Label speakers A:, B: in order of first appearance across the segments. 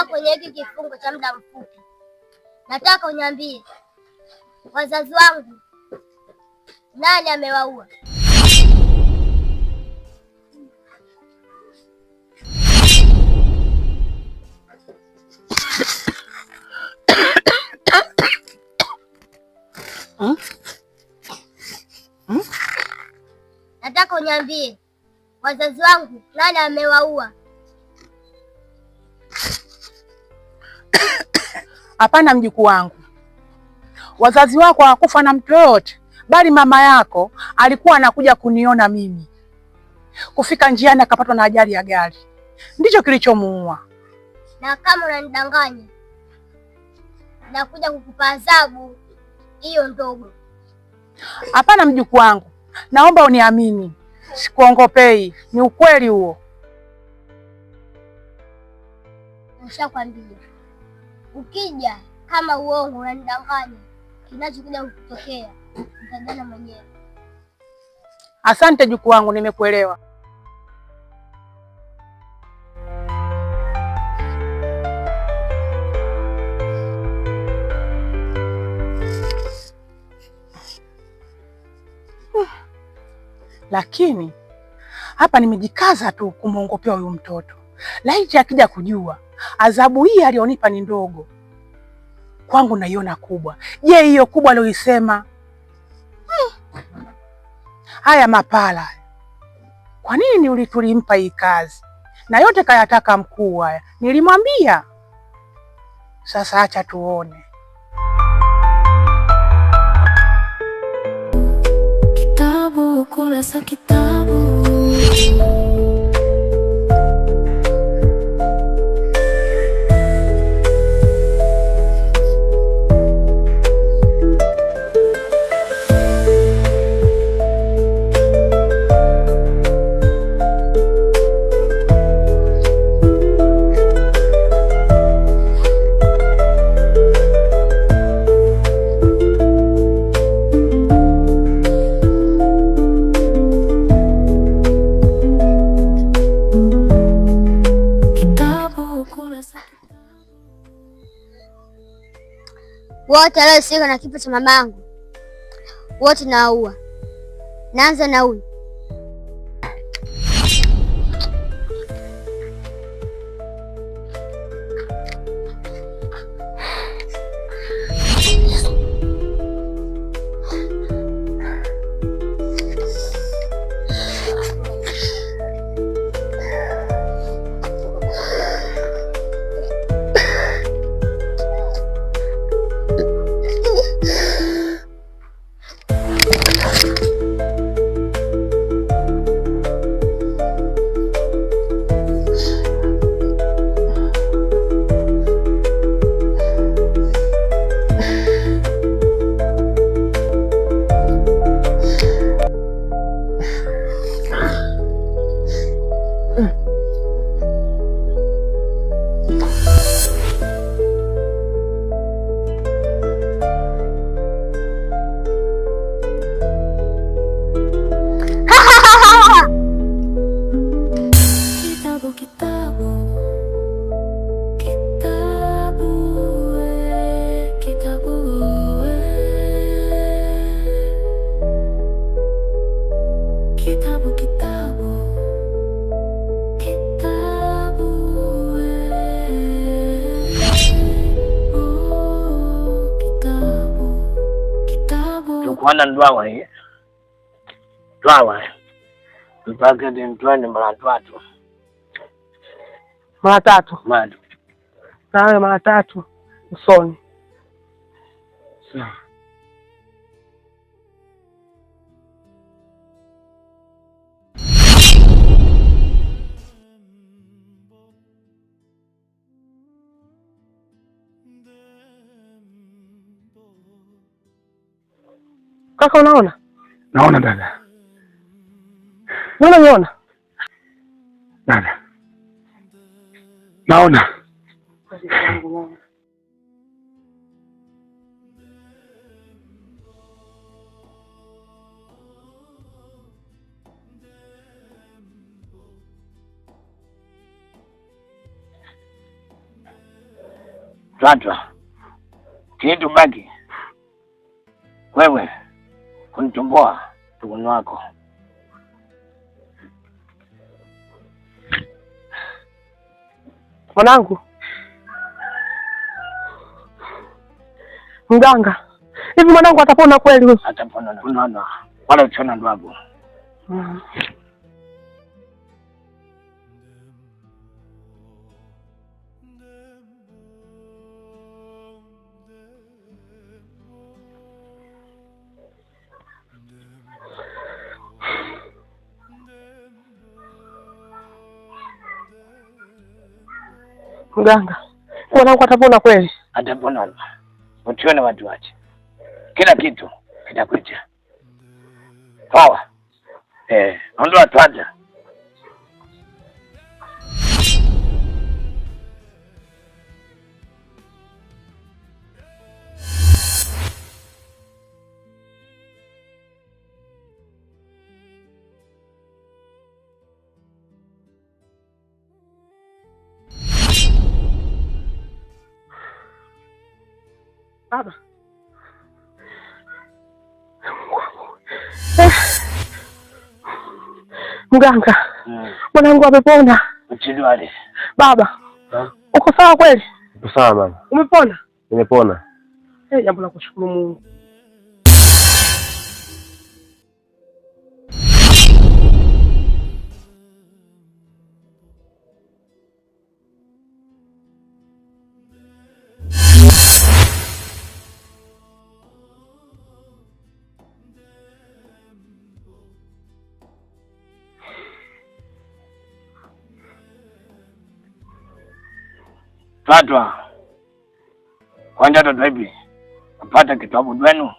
A: kukaa kwenye hiki kifungo cha muda mfupi. Nataka uniambie wazazi wangu nani amewaua? Nataka uniambie wazazi wangu nani amewaua?
B: Hapana mjukuu wangu, wazazi wako hawakufa na mtu yoyote, bali mama yako alikuwa anakuja kuniona mimi. Kufika njiani akapatwa na ajali ya gari, ndicho kilichomuua.
A: Na kama unanidanganya, nakuja kukupa adhabu hiyo ndogo.
B: Hapana mjukuu wangu, naomba uniamini, sikuongopei, ni ukweli huo.
A: Nishakwambia. Ukija kama uongo unanidanganya, kinachokuja kutokea utadana mwenyewe.
B: Asante juku wangu, nimekuelewa. Lakini hapa nimejikaza tu kumwongopea huyu mtoto, laiti akija kujua adhabu hii alionipa ni ndogo, kwangu naiona kubwa. Je, hiyo kubwa aliyoisema hmm. Haya mapala, kwa nini tulimpa hii kazi? Na yote kayataka mkuu. Haya nilimwambia. Sasa acha tuone. Kitabu kurasa kitabu
A: wote waliohusika na kifo cha mamangu wote nawaua. Naanza na huyu
C: nan dwawa hii dwawa mpaketi mtwene mara twatu
B: mara tatu nawe mara tatu usoni sawa Kaka unaona?
C: Naona dada. Mbona unaona? Dada. Naona. Sasa. Kitu baki. Wewe kunitomboa tuuni wako
B: mwanangu. Mganga, hivi mwanangu atapona kweli?
C: Atapona, wala uchona ndugu. Mm.
B: Mganga mwanangu atapona kweli?
C: Atapona, utione watu wache, kila kitu kitakuja. Sawa, eh, ondoa twaja
B: Baba mganga eh. mwanangu amepona. Baba Uko sawa kweli? Uko sawa mama. umepona? Nimepona. Eh, jambo la kushukuru Mungu.
C: fatwa kwani hata taipi napata kitabu wenu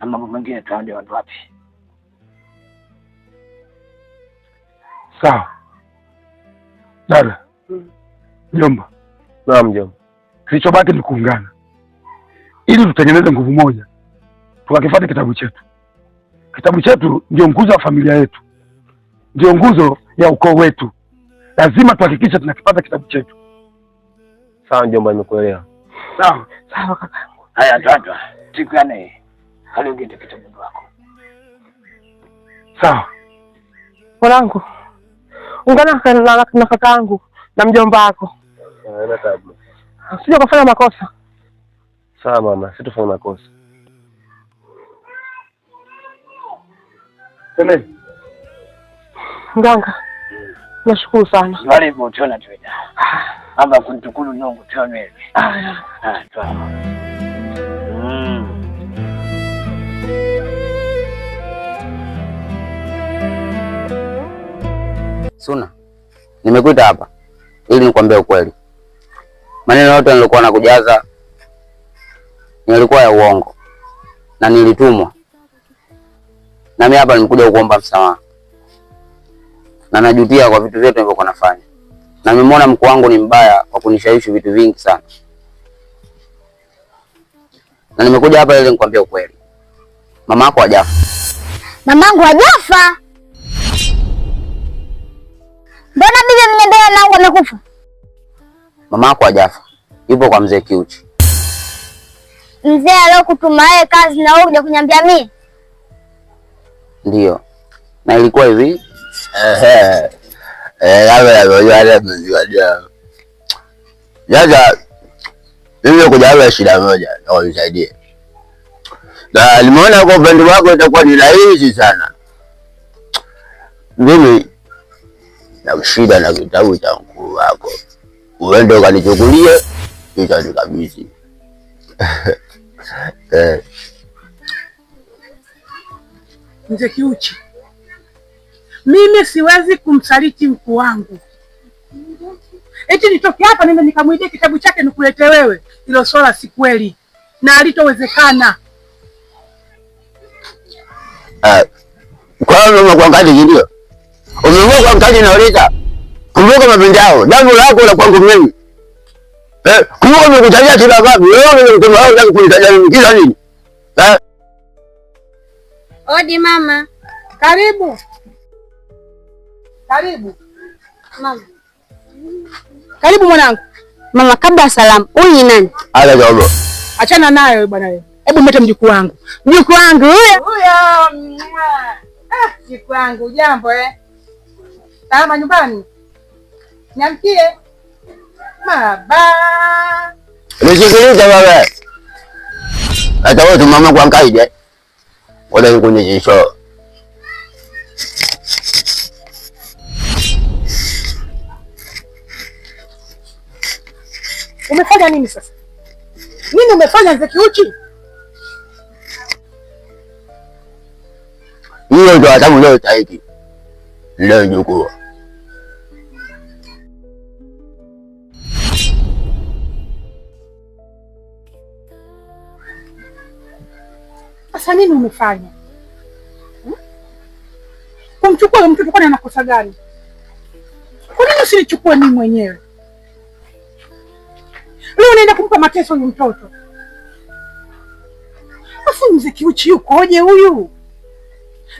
C: na mambo mengine taade watu wapi?
D: Sawa dada. Hmm. Mjomba. Naam mjomba, kilichobaki ni kuungana ili tutengeneze nguvu moja, tukakifata kitabu chetu. Kitabu chetu ndio nguzo ya familia yetu, ndio nguzo ya ukoo wetu. Lazima tuhakikishe tunakipata kitabu chetu.
C: Sawa mjomba, nimekuelewa.
D: Sawa. Sawa
C: kakangu. Haya twatwa. Tikane. Kalingite kitabu wako.
D: Sawa.
B: Mwanangu. Ungana na kakangu na mjomba wako. Haina tabu. Usije kufanya makosa.
C: Sawa mama, sitofanya makosa.
D: Sema.
B: Nganga. Nashukuru sana.
C: Karibu mtu anatuenda ama kuntukulu nyongo tuonwe ah, ah hmm. Suna, nimekuita hapa ili nikwambie ukweli. Maneno yote nilikuwa nakujaza nilikuwa ya uongo na nilitumwa, na mimi hapa nimekuja kuomba msamaha na najutia kwa vitu vyote nilivyokuwa nafanya na nimemwona mkuu wangu ni mbaya kwa kunishawishi vitu vingi sana, na nimekuja hapa ili nikwambie ukweli. Mama yako hajafa.
A: Mamangu hajafa? Mbona bibi ameniambia mamangu amekufa?
C: Mama yako hajafa, yupo kwa mzee Kiuchi.
A: Mzee aliyokutuma yeye kazi na wewe kuja kuniambia mimi?
C: Ndio, na ilikuwa hivi
E: Eh, Sasa mimi kuja hapa shida moja na unisaidie, na nimeona kwa upande wako itakuwa ni rahisi sana. Mimi na shida na kitabu cha mkuu wako, uende ukanichukulie kisha nikabidhi. eh.
B: Mzee Kiuchi mimi siwezi kumsaliti mkuu wangu eti nitoke hapa nenda nikamwidie kitabu chake nikulete wewe. Hilo swala si kweli na alitowezekana.
E: Kwaangalindio ah, umengua kwa mkali naoleta kumbuka mapenzi yao, jambo lako la kwangu mimi. Eh, kumbuka nimekutajia kila ngapi wewe kunitajia mimi kila nini? Eh?
A: Odi mama, karibu. Karibu mama. Karibu mwanangu. Mama, kabla ya salamu, huyu ni nani?
E: Ala
B: Achana nayo bwana wewe. Hebu mlete mjukuu wangu. Mjukuu wangu huyo. Huyo.
A: Ah, mjukuu wangu jambo eh. Salama nyumbani. Nyamkie. Baba.
E: Nisikilize baba, Hata wewe mama kwa kaide, Wala nikunyeshe
B: Umefanya nini sasa? Nini umefanya mzee Kiuchi?
E: Hiyo ndio adhabu leo taiki. Leo nyukua.
B: Sasa nini umefanya? Hmm? Kumchukua kwa nini anakosa gani? Kwa nini usinichukue mimi mwenyewe? Leo unaenda kumpa mateso huyu mtoto. Basi mzee Kiuchi ukoje huyu?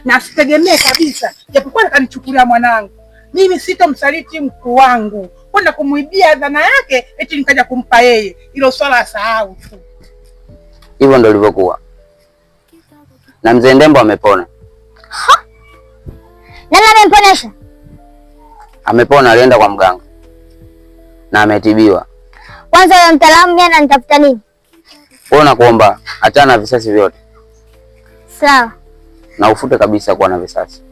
B: Na sitegemee kabisa, japokuwa akanichukulia mwanangu, mimi sitomsaliti mkuu wangu kwenda kumwibia dhana yake eti nikaja kumpa yeye. Hilo swala asahau tu.
C: Hivyo ndo ilivyokuwa, na mzee Ndembo amepona.
A: Nani amemponesha?
C: Amepona, alienda kwa mganga na ametibiwa
A: kwanza huyo mtaalamu gani anitafuta nini?
C: Wewe nakuomba achana na visasi vyote. Sawa. Na ufute kabisa kuwa na visasi.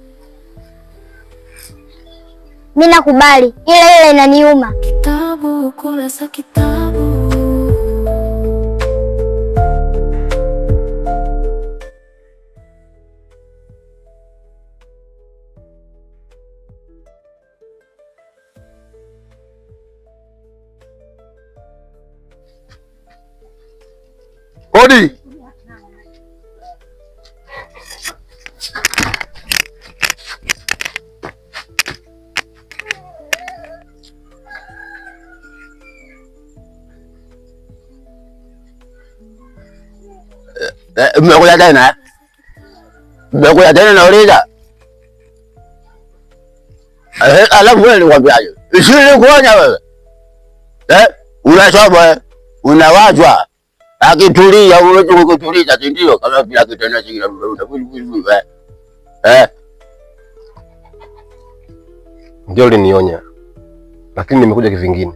A: Mimi nakubali, ila ile inaniuma. Kitabu kurasa kitabu
E: Odi. Eh, mmekuja tena, eh? mmekuja tena nauliza. Eh, alafu wewe nikwambiaje? Ishirini kuonya wewe, unasoma unawachwa akitulia unaweza kutuliza, si ndio? Kama bila kitendo kingine eh? eh,
C: ndio linionya, lakini nimekuja kivingine.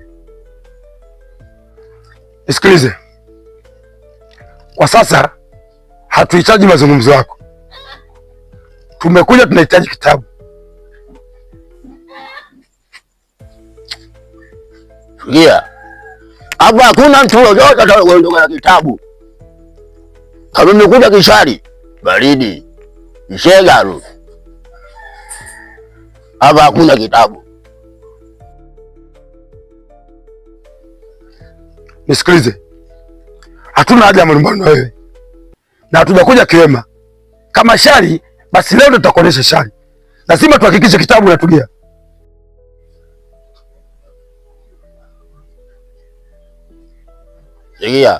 D: Nisikilize kwa sasa, hatuhitaji mazungumzo yako, tumekuja tunahitaji kitabu.
E: Yeah. Hapo hakuna mtu yoyote atakayeondoka na kitabu. Kama nimekuja kishari baridi mshegaru, hapa hakuna kitabu.
D: Nisikilize, hatuna haja ya malumbano na wewe na hatujakuja kiwema. Kama shari basi leo ndo tutakuonesha shari. Lazima tuhakikishe kitabu natulia.
E: Sikia.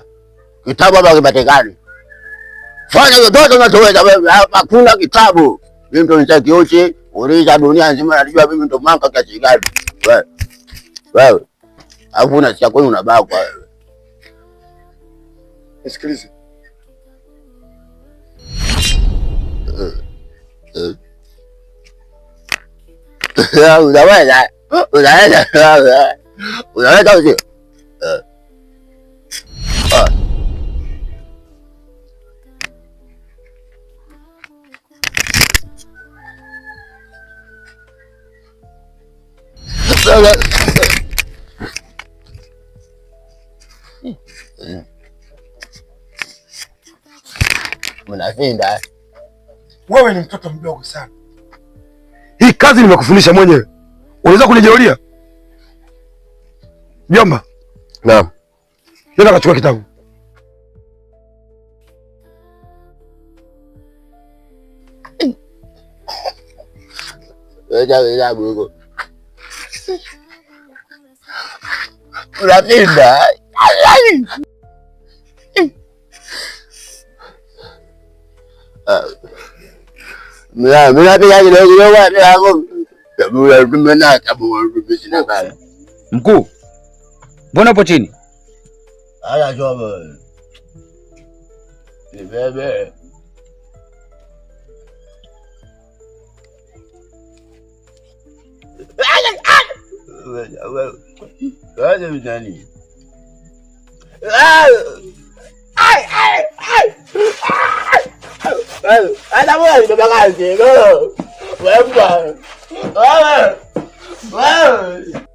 E: Kitabu hapa kipatikani. Fanya yote unachoweza wewe, hakuna kitabu. Mimi ndo nitakioshe, uliza dunia nzima najua mimi ndo mwanka kiasi gani. Wewe. Wewe. Alafu unasikia kwani unabakwa wewe. Nisikilize. Unaweza. Unaweza. Unaweza. Eh?
D: Wewe ni mtoto mdogo sana. Hii kazi nimekufundisha mwenyewe, unaweza kunijeulia mjomba? Nenda kachukua kitabu.
E: Unapinda
C: mkuu, mbona upo chini?
E: adájọ́ bẹ̀rẹ̀ ìfẹ́ bẹ̀rẹ̀. Wọ́n ṣe mi tán nìyí. Adámọ̀ ẹ̀ bàbá ká ṣe lọ́rọ̀. Wẹ́ẹ̀mù bá. Wẹ́ẹ̀mù. Wẹ́ẹ̀mù.